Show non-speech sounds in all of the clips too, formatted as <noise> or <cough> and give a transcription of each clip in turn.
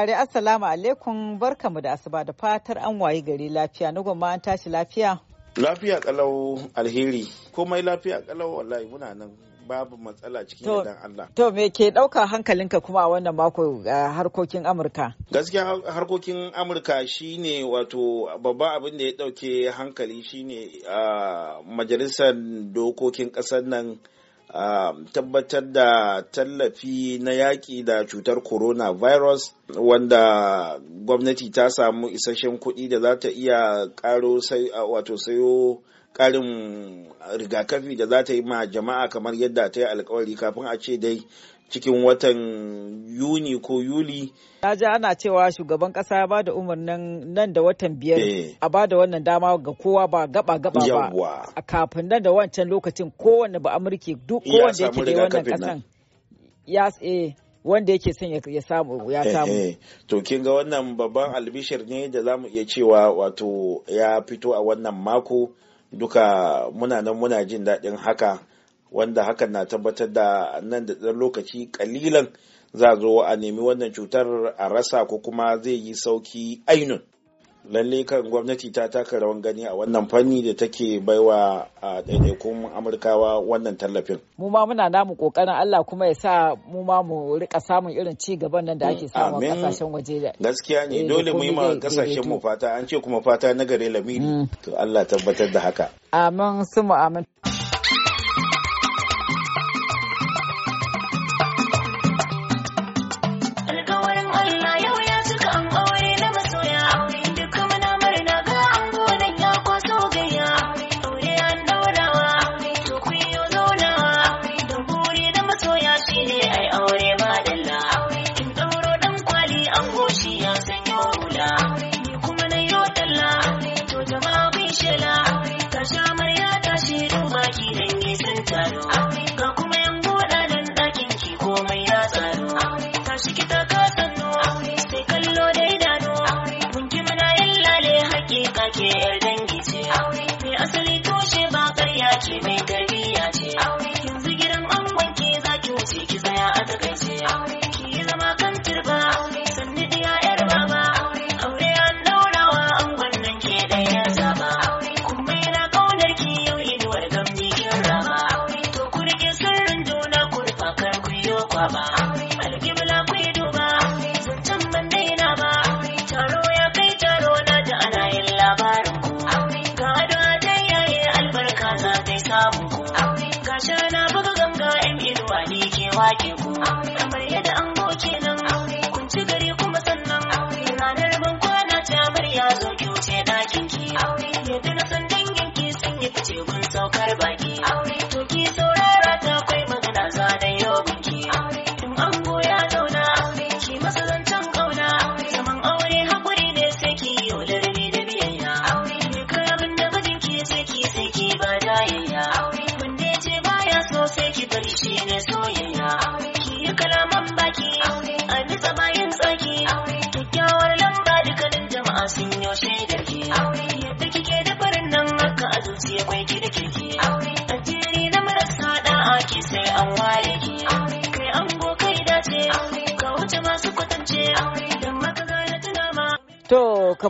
saurare Assalamu alaikum barkamu da asuba da fatar an wayi gari lafiya na gwamma an tashi lafiya. Lafiya kalau alheri komai lafiya kalau wallahi muna nan babu matsala cikin yardan Allah. To me ke ɗauka hankalinka kuma a wannan mako harkokin Amurka? Gaskiya harkokin Amurka shine wato babban abin da ya ɗauke hankali shine a majalisar dokokin ƙasar nan a tabbatar da tallafi na yaƙi da cutar coronavirus wanda gwamnati ta samu isasshen kuɗi da za ta iya ƙaro wato sayo ƙarin rigakafi da za ta yi ma jama'a kamar yadda ta yi alkawari kafin a ce dai cikin watan yuni ko yuli na ji ana cewa shugaban kasa ya bada umarnin nan da watan biyar eh. a bada wannan dama ga kowa ba gaba gaba ba a kafin nan da wancan lokacin kowanne ba amurki duk kowanne yake da wannan kasan ya eh wanda yake son ya samu ya eh, samu eh. to kin ga wannan babban albishir ne da zamu iya cewa wato ya fito a wannan mako duka muna nan muna jin daɗin haka wanda hakan na tabbatar da nan da ɗan lokaci kalilan za zo a nemi wannan cutar a rasa ko kuma zai yi sauki ainun lalle kan gwamnati ta taka rawan gani a wannan fanni da take baiwa a ɗaiɗaikun amurkawa wannan tallafin mu ma muna namu kokarin Allah kuma ya sa mu ma mu rika samun irin ci gaban nan da ake mm, samu a kasashen waje da gaskiya ne eh, dole mu yi ma kasashen mu fata an ce kuma fata na gare lamiri mm. to Allah tabbatar da haka amin su mu amin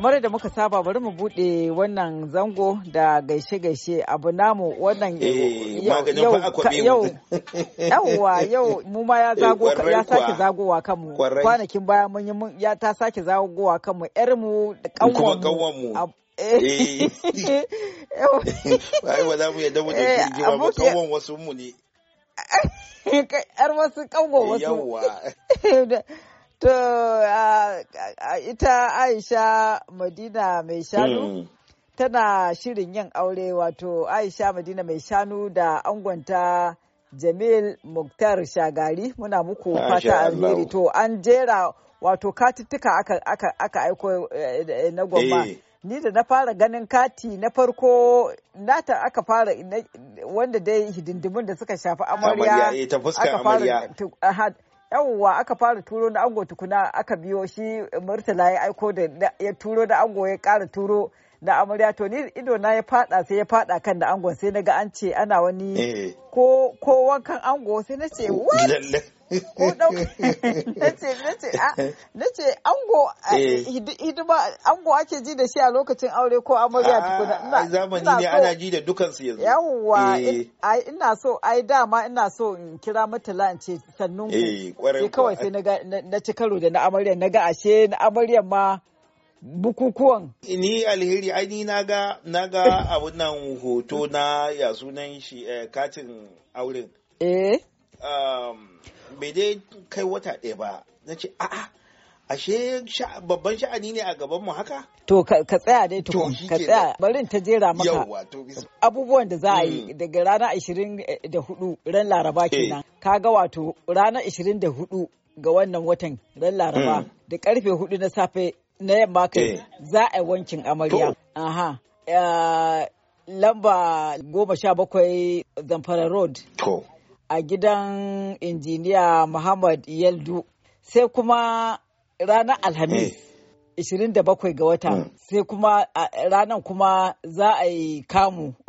kamar da muka saba bari mu bude wannan zango da gaishe-gaishe abu namu wannan eh, yau yauwa yau mu ma ya eh, zago ya sake zagowa kanmu kwanakin baya mun yi ya ta sake zagowa kanmu yar mu da kanwan eh. <laughs> ai ba za mu yadda mu da ba kanwan wasu mu ne yar wasu kanwan wasu To ita Aisha Madina mai shanu hmm. tana shirin yin aure wato Aisha Madina mai shanu da angonta Jamil Muktar Shagari muna muku fata alheri to an jera wato katuttuka aka, aiko eh, na gwamma. Eh. Ni da na fara ganin kati na farko nata aka fara wanda dai hidindimun da suka shafi amarya eh, aka fara yawwa aka fara turo na ango tukuna aka biyo shi murtala ya aiko da ya turo da ango ya kara turo Da amarya to ni ido na ya fada sai ya fada kan da angon sai naga an ce ana wani eh. ko ko wankan ango sai na ce what ko <laughs> <laughs> ah. na ce ango eh. hidima ango ake ji da shi a lokacin aure ko amarya ah, tukuna zamani ne ana ji da su yanzu yawwa eh. ina so ai dama ina so in kira matala in ce sannun ku sai kawai sai na ci karo da na amarya na ga ashe na amarya ma bukukuwan? Ni alheri aini naga naga a wannan hoto na ya sunan shi eh, katin auren. Eh? Um, bai dai kai wata ɗaya ba. Na ce, a'a, ashe babban sha'ani ne a gaban mu haka? To ka tsaya dai tukun, ka tsaya barin ta jera maka abubuwan da za a yi mm. daga eh, da hudu ran laraba eh. kenan. Ka ga wato rana da hudu ga wannan watan ran laraba mm. da karfe hudu na safe na yamma kai eh. za a yi wankin amarya. Aha. Lamba goma sha bakwai Zamfara Road. To. A gidan injiniya Muhammad Yaldu. Sai kuma ranar Alhamis. Eh. da bakwai ga wata hmm. sai kuma ranar kuma za a yi kamu <laughs>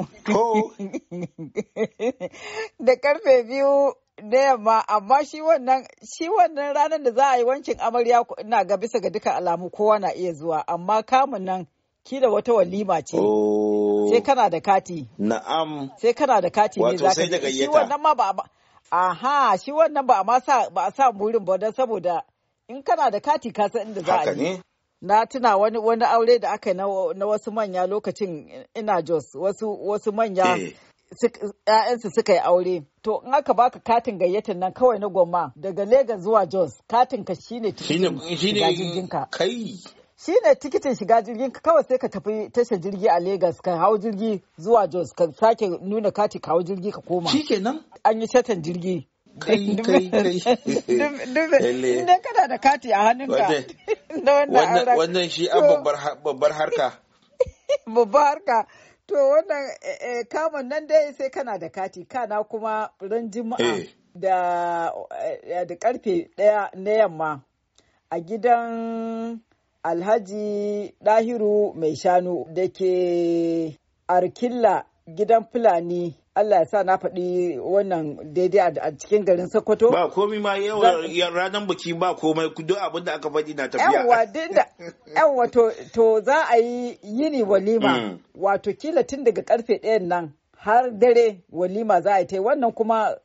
da karfe biyu da yamma amma shi wannan shi wannan ranar da za a yi wancin amarya na ga bisa ga dukkan alamu kowa na iya zuwa amma kamun nan ki da wata walima ce oh. sai kana da kati na'am sai kana da kati ne za ka shi wannan ma ba aha shi wannan ba ma sa ba a sa burin ba dan saboda in kana da kati ka san inda za a yi na tuna wani wani aure da aka yi na wasu manya lokacin ina Jos wasu wasu manya eh. ‘ya'yansu suka yi aure. To in aka baka katin gayyatar nan kawai na goma daga Legas zuwa Jos, katin ka shine tikitin ka. Kai. Shi ne tikitin shiga jirgin ka kawai sai ka tafi tashar jirgi a Legas ka hau jirgi zuwa Jos ka sake nuna kati ka hau jirgi ka koma. Shikenan. An yi shatan jirgi. Kai <laughs> kai kai. da kati a hannunka. <laughs> Wannan shi an babbar harka. <laughs> Babbar harka. To wannan eh, eh, kamun nan dai sai kana da kati kana kuma ran juma'a eh. da da karfe ɗaya na yamma a gidan Alhaji Dahiru mai shanu da ke Arkilla gidan Fulani Allah ya sa na faɗi wannan daidai a cikin garin Sokoto. Ba komai ma yawan ranar biki ba komai duk abin da aka faɗi na tafiya. Yawwa dinda <laughs> yawwa to to za a yi yini walima mm. wato kila tun daga karfe ɗayan nan har dare walima za a yi ta wannan kuma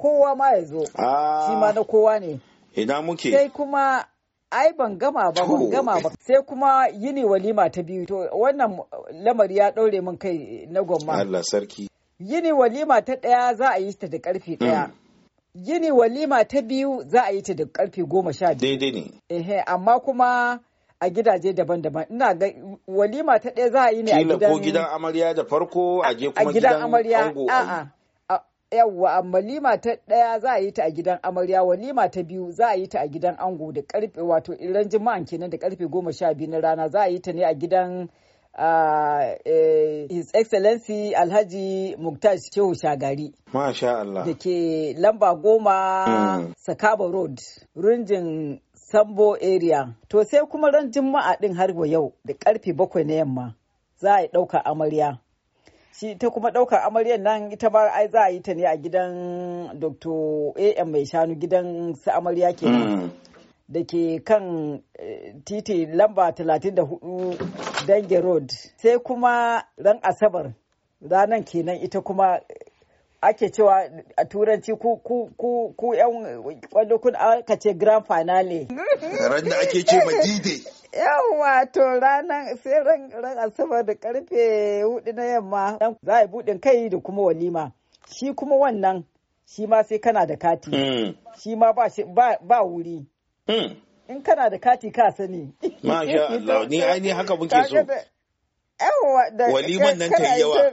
kowa ma ya zo. Ah. Shi ma na kowa ne. Ina muke. Sai kuma ai ban gama ba ban gama ba sai kuma yini walima ta biyu to wannan lamari ya ɗaure min kai na gwamma. Allah sarki. Yini walima ta ɗaya za a yi ta da ƙarfe hmm. ɗaya. Yini walima ta biyu za a yi ta da ƙarfe goma sha biyu. Daidai ne. Ehe, amma kuma a gidaje daban-daban ina ga walima ta ɗaya za a yi ne a gidan ko gidan amarya da farko a je kuma gidan amarya a'a yawwa amma walima ta ɗaya za a yi ta a gidan amarya walima ta biyu za a yi ta a gidan ango da ƙarfe wato ranjin jima'an kenan da ƙarfe goma sha biyu na rana za a yi ta ne a gidan E, His Excellency Alhaji Muktaj Shehu Shagari. Masha Allah. Da ke lamba goma hmm. Sakaba Road, runjin Sambo area. To sai kuma ran Juma'a din har yau da karfe bakwai na yamma za a yi ɗaukar amarya. Shi ta kuma ɗaukar amaryar nan ita ba ai za a yi ta ne a gidan Dr. A.M. Mai Shanu gidan su amarya kenan. Hmm. da ke kan eh, titi lamba 34 dange road sai kuma ran asabar ranar kenan ita kuma eh, ake cewa a turanci ku yan kwallokun kun aka ce grand finale ran da ake ce madide yawa to ranar sai ran asabar da karfe hudu na yamma za a buɗin kai da kuma walima shi kuma wannan shi ma sai kana da kati hmm. shi ma ba wuri Hmm. in kana da kati ka sani <laughs> masha Allah ni ainihin haka muke so waliman nan ta yi yawa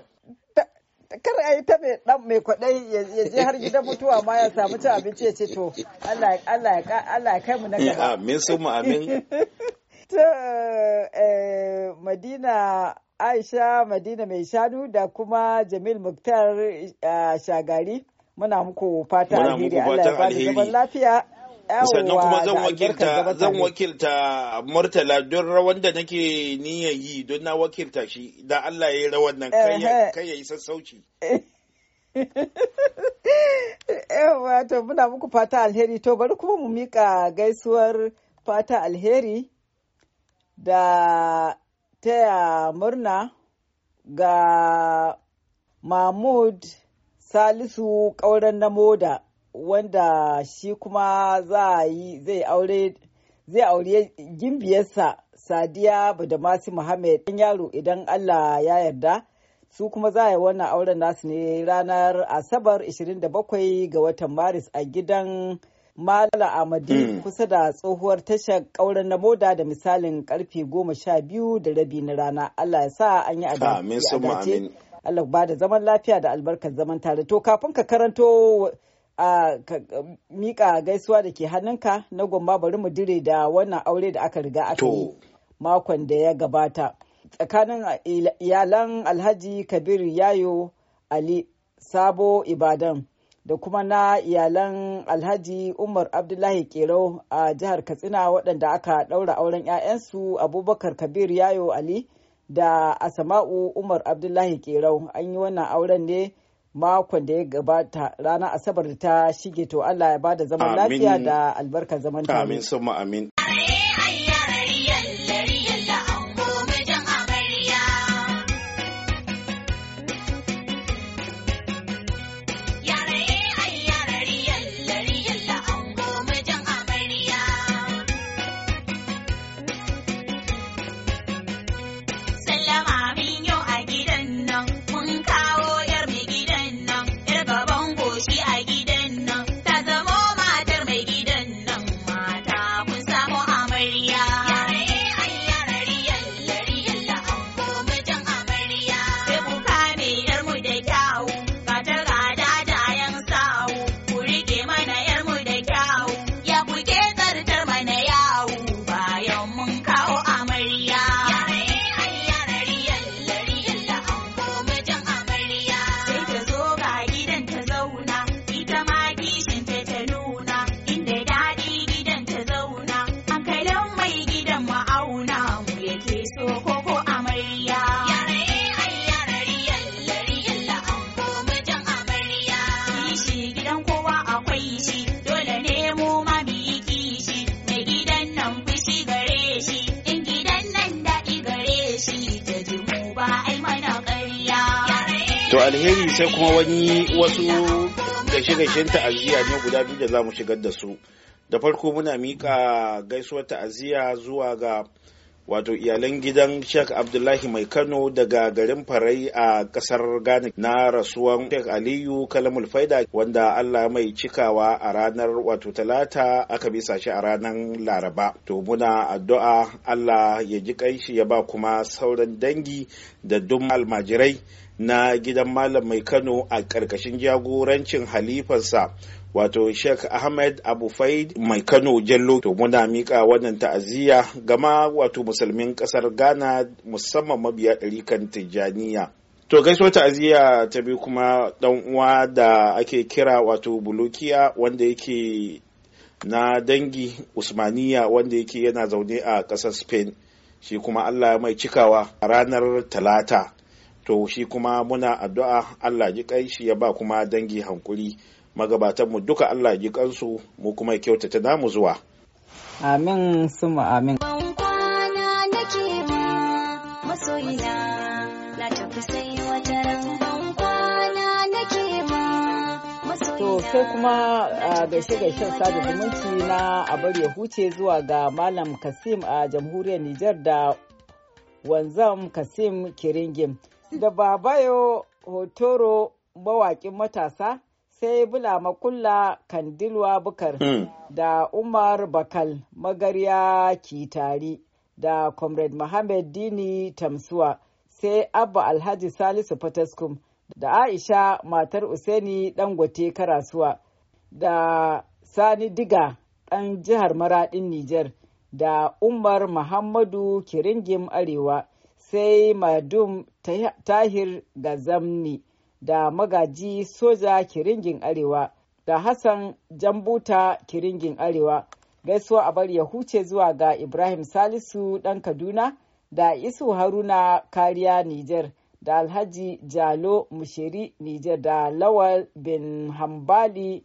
kar a yi ta dan mai kwadai ya je har gidan mutuwa ma ya samu cin abinci ya ce to Allah ya kai mu na eh, gaba. Amin su mu amin. <laughs> Ta eh, Madina Aisha Madina mai shanu da kuma Jamil Muktar eh, Shagari muna muku fata alheri Allah ya ba da lafiya sannan kuma zan wakilta murtala don rawan da nake niyayi, yi don na wakilta shi da Allah ya yi rawan nan kai ya yi sassauci <laughs> yawa to muna muku fata alheri to bari kuma mu mika gaisuwar fata alheri da taya murna ga mahmud salisu ƙauren na moda wanda shi kuma zai aure zai aure gimbiyarsa sadiya badamasi muhammad ɗan yaro idan allah ya yarda su kuma za a yi wannan auren nasu ne ranar asabar 27 ga watan maris a gidan malala Amadi hmm. kusa da tsohuwar tashar kauren na moda da misalin karfe goma sha biyu da rabi na rana. Allah ya sa an yi adace. Allah ba da zaman lafiya da albarkar zaman tare. To kafin ka karanto a mika gaisuwa da ke hannunka na gwamma bari mu dire da wannan aure da aka riga aka makon da ya gabata tsakanin iyalan alhaji kabir yayo ali sabo ibadan da kuma na iyalan alhaji umar abdullahi kero a jihar katsina waɗanda aka ɗaura auren 'ya'yansu abubakar kabir yayo ali da asama'u umar abdullahi kero an yi wannan auren ne makon da ya gabata ranar asabar da ta shige to Allah ya bada zaman lafiya da albarkar zaman tare. Amin, amin. To alheri sai kuma wani wasu gaishe-gaishen ta'aziyya ne guda biyu da za mu shigar da su. Da farko muna miƙa gaisuwar ta'aziyya zuwa ga wato iyalan gidan Sheikh Abdullahi Mai Kano daga garin Farai a kasar Ghana na rasuwan Sheikh Aliyu Kalamul Faida wanda Allah mai cikawa a ranar wato Talata aka bisa shi a ranar Laraba. To muna addu'a Allah ya ji kanshi ya ba kuma sauran dangi da dum almajirai na gidan malam mai kano a ƙarƙashin jagorancin halifarsa wato sheikh ahmed abu faid. mai kano jallo to muna mika wannan ta'aziyya gama wato musulmin ƙasar ghana musamman mabiya ɗarikan tijjaniya to gaisuwar ta'aziyya ta bi kuma ɗan uwa da ake kira wato bulukiya wanda yake na dangi usmaniya wanda yake yana zaune a ƙasar spain shi kuma allah mai cikawa a ranar talata to shi kuma muna addu'a Allah ji kai shi ya ba kuma dangi hankuri magabatanmu duka Allah ji kansu mu kuma kyautata namu zuwa amin suma amin na tafi sai wata kuma gaishe gaishen sada zumunci na abar ya huce zuwa ga Malam Kasim a jamhuriyar Nijar da wanzam Kasim Kiringim da babayo hotoro mawaƙin matasa sai bula makulla kandilwa bukar hmm. da umar bakal magarya kitari da comrade mohammed dini tamsuwa sai abba alhaji salisu fataskum da aisha matar useni dangote karasuwa da sani diga ɗan jihar maraɗin Nijar, da umar muhammadu kiringim arewa sai madum tahir zamni da magaji soja kiringin arewa da hassan jambuta kiringin arewa gaisuwa a bar ya huce zuwa ga ibrahim salisu dan kaduna da isu haruna kariya niger da alhaji jalo mushiri niger da lawal bin hambali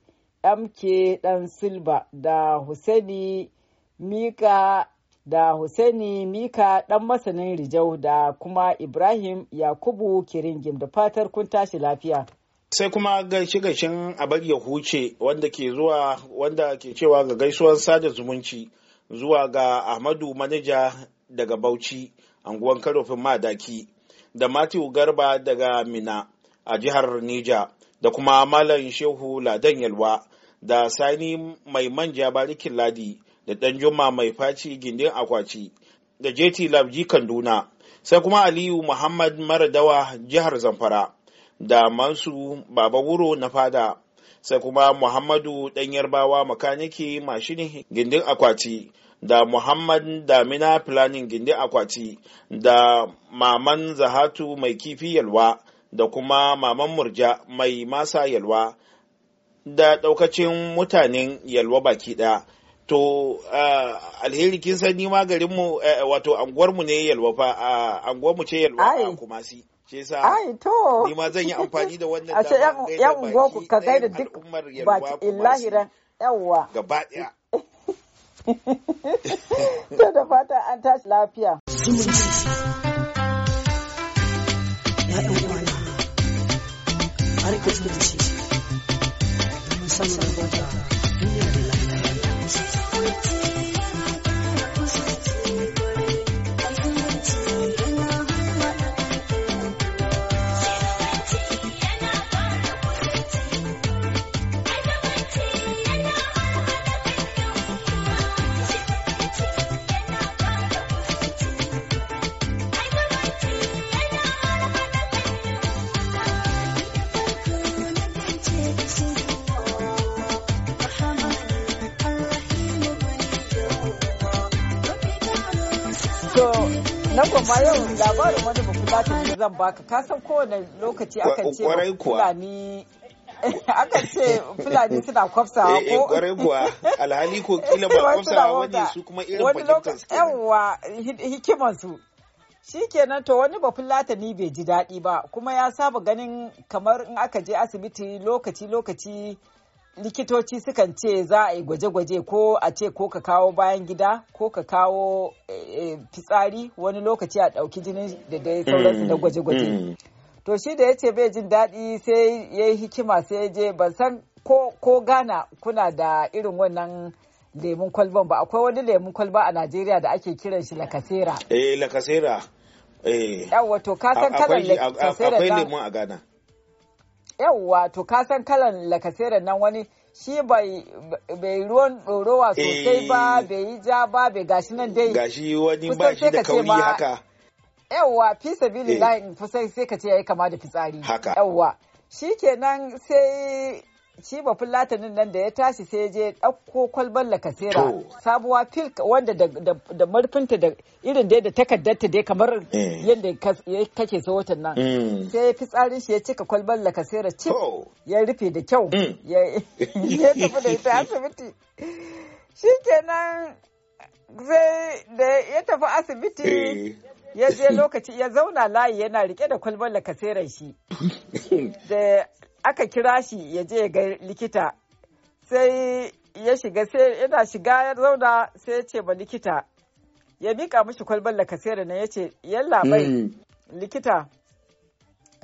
mk dan silba da Hussaini mika da hussaini Mika ɗan masanin Rijau da kuma Ibrahim Yakubu Kiringim da fatar kun tashi lafiya. sai kuma gaishe gaishen abar ya huce wanda ke zuwa wanda ke cewa ga gaisuwar sada zumunci zuwa ga ahmadu manija daga bauchi anguwan karofin madaki da matthew garba daga mina a jihar nija da kuma malam shehu ladan yalwa da sani mai manja barikin ladi da juma mai faci gindin akwaci da JT Labji Kaduna sai kuma Aliyu Muhammad Maradawa jihar Zamfara da Mansu Baba Wuro na fada sai kuma Muhammadu ɗan Yarbawa makaniki mashini gindin akwati da Muhammad Damina Planning gindin akwati da Maman Zahatu mai kifi yalwa da kuma Maman Murja mai masa yalwa da ɗaukacin mutanen yalwa baki ɗaya. to alheri kin san garin ma garinmu wato anguwar mu ne yalwa fa mu ce yalwa a kumasi ce sa ai to Nima zan yi amfani da wannan dama yan go ku ka gaida duk baki illahi ran yawa gaba daya <laughs> to da fata an tashi lafiya ya ɗan kwana har ka da shi zan baka ka san kowane lokaci akan ce fulani <laughs> aka ce fulani suna kwafsawa eh, eh, ko kwarai kuwa alhali ko kila ba <laughs> kwafsawa wani su kuma irin wani lokaci yawa hikiman su shikenan to wani ba fulata ni bai ji daɗi ba kuma ya saba ganin kamar in aka je asibiti lokaci lokaci likitoci sukan ce za a yi gwaje-gwaje ko a ce ko ka kawo bayan gida ko ka kawo eh, eh, fitsari wani lokaci a ɗauki jini da dai sauransu na mm, gwaje-gwaje. Mm. To shi da ya ce bai jin daɗi sai ya yi hikima sai ya je ban san ko gana kuna da irin wannan lemun kwalban ba akwai wani lemun kwalba a Najeriya da ake kiran shi lakasera. Eh lakasera. Eh. Yawwa to ka san kalan lakasera. Akwai lemun a Ghana. yawwa to ka san kalan lakasera nan wani shi bai ruwan dorowa sosai ba eh. bai yi ja ba bai gashi nan dai gashi wani ba shi da kauri haka yawwa fi sabili layin eh. kusan sai ka ce yayi kama da fitsari haka yawwa shikenan sai shi ba fulatinin nan da ya tashi sai ya je ɗauko kwalban lakasera sabuwa fil wanda da marfinta da irin dai da takaddarta dai kamar eh. yadda kake so watan nan mm. sai ya fi tsarin shi ya cika kwalban lakasera cif ya rufe da kyau mm. ya tafi da ita asibiti kenan sai da ya tafi asibiti eh. ya je lokaci ya zauna layi yana rike da kwalbar lakaseran shi da aka kira shi ya je ga likita sai ya shiga sai yana shiga ya zauna sai ya ce ba likita ya mika mishi kwalbar lakasera na ya ce yalla bai hmm. likita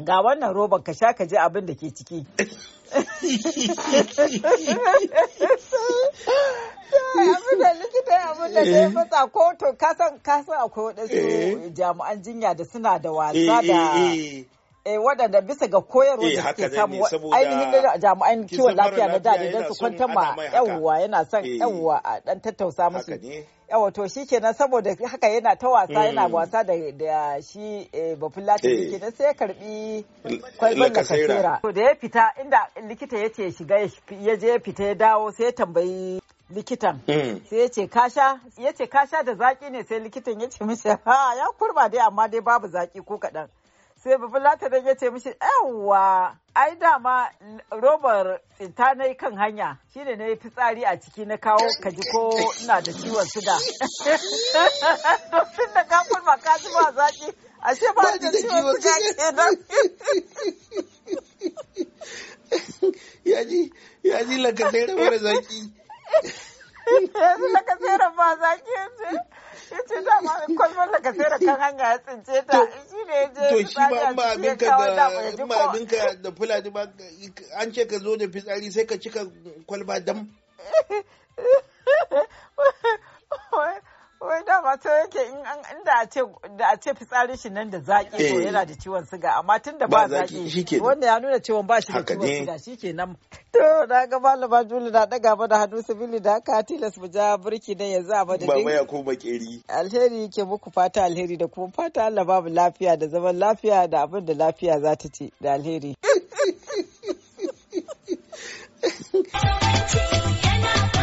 ga wannan roban ka sha ka je abin da ke ciki <laughs> <laughs> abinda likita abinda ya matsa ko to kasan kasan akwai waɗansu jami'an jinya da suna da wasa da eh waɗanda bisa ga koyarwa da suke samu ainihin da jami'an kiwon lafiya na daɗi don su kwanta ma yawuwa yana son yawuwa a ɗan tattausa musu yawa to shi kenan saboda haka yana ta wasa yana wasa da shi babban latin kenan sai ya karbi kwaikwayon da kasera to da ya fita inda likita ya ce ya shiga ya je ya fita ya dawo sai ya tambayi likitan eh. sai ya ce kasha ya ce kasha da zaki ne sai likitan ya ce mishi ha ya kurba dai amma dai babu zaki ko kaɗan sai bafulata dan ya ce mishi yawwa ai dama robar tsinta na kan hanya shine na yi fitsari a ciki na kawo kaji ko ina da ciwon suga domin <laughs> da ka kurba ka ba zaki ashe ba da ciwon suga ke <laughs> ya ji ya ji da zaki yanzu da ka tsere ba za ki yace yace da ma kwalbar da ka tsere kan hanya ya tsince ta shi ne ya je shi ba abinka da ba abinka da fulani ba an ce ka zo da fitsari sai ka cika kwalba dam <laughs> wai dama ta yake in an inda a ce da a ce fitsarin shi nan da zaki to eh. yana da ciwon suga, amma tun da ba zaki wanda ya nuna cewa ba shi da ciwon siga shikenan to na ga malama Juli na daga mana hannu sabili da haka tilas mu ja burki ne yanzu a madadin ba ya ko makeri alheri yake muku fata alheri da kuma fata Allah babu lafiya da zaman lafiya da abin da lafiya za ta ce da alheri Thank <laughs> you.